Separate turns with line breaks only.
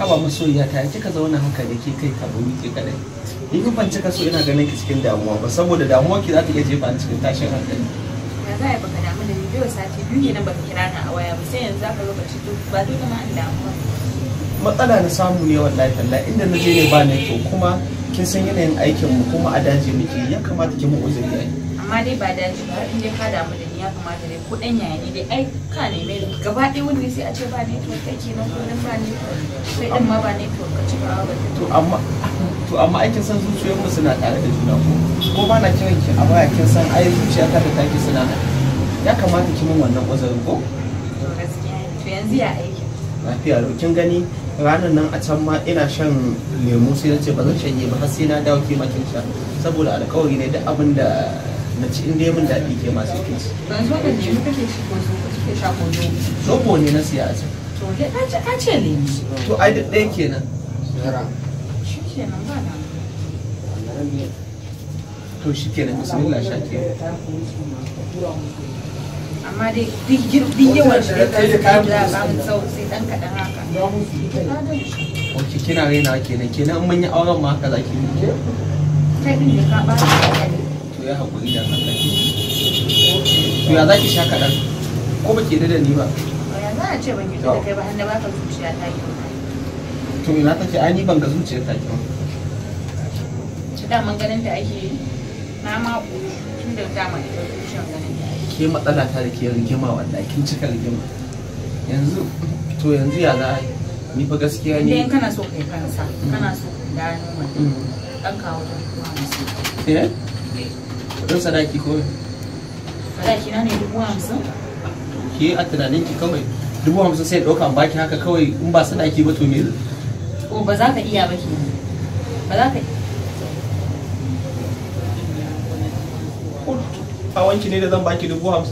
kaba masoyiya ta kika zauna haka da ke kai ka ni ke kadai in ban fanci kaso ina ganin ki cikin damuwa ba saboda damuwa ki za ta iya jefa ni cikin tashin hankali ya za a yi baka damu da bidiyo sati biyu ne nan baka kira ni a waya ba sai yanzu aka lokaci ba dole ma an damuwa matsala na samu ne wallahi tallahi inda na je ne ba ne to kuma kin san yanayin aikin mu kuma a daji muke ya kamata ki mu uzuri yi. amma dai ba daji ba in inda ka damu da ni ya kamata dai ko dan yaya ne dai ai ka ne mai gaba ɗaya wanda sai a ce ba network kake nan ko nan ba network sai din ma ba to ka ci ba ba to amma to amma ai kin san zuciyarmu suna tare da juna ko ko ba na kiran ki a baya kin san ai ta da take suna nan ya kamata ki min wannan uzurin ko gaskiya to yanzu ya aiki lafiya lau kin gani ranar nan a can ma ina shan lemu sai na ce ba zan shanye ba har sai na dawo kima kin sha saboda alkawari ne duk abin da na ci inda ya min daɗi ke masu kins. Ban zo ne lemu kake shi ko kake sha ko Zobo ne na siya a can. To an ce lemu. To ai duk ɗaya kenan. Shi kenan ba da. To shi kenan bismillah sha ke. Amma dai duk yawan shi da ka da ba mu sai ɗan kaɗan haka. Ok kina raina kenan kenan mun yi auren ma haka yi. Kai haƙuri da Allah ke to ya zaki sha kaɗan ko ba ke da ni ba ya za a ce ban yi da kai ba hannu ka zuciya ta yi to ina take ai ni ban ga zuciya ta yi ba ci daman ganin da ake yi na ma ƙuri tun da dama ita zuciyar ganin da ake ke matsala ta da ke rigima wallahi kin cika rigima yanzu to yanzu ya za a yi ni ba gaskiya ne idan kana so kai kansa kana so ka gano mutum ɗan kawo ɗan kuma musu eh? eh. don sadaki ko? Sadaki na ne dubu hamsin? Ke a tunanin ki kawai dubu hamsin sai ɗauka baki haka kawai in ba sadaki ba to me? ba za ka iya ba ke. Ba za ka A wanki ne da zan baki dubu hamsin.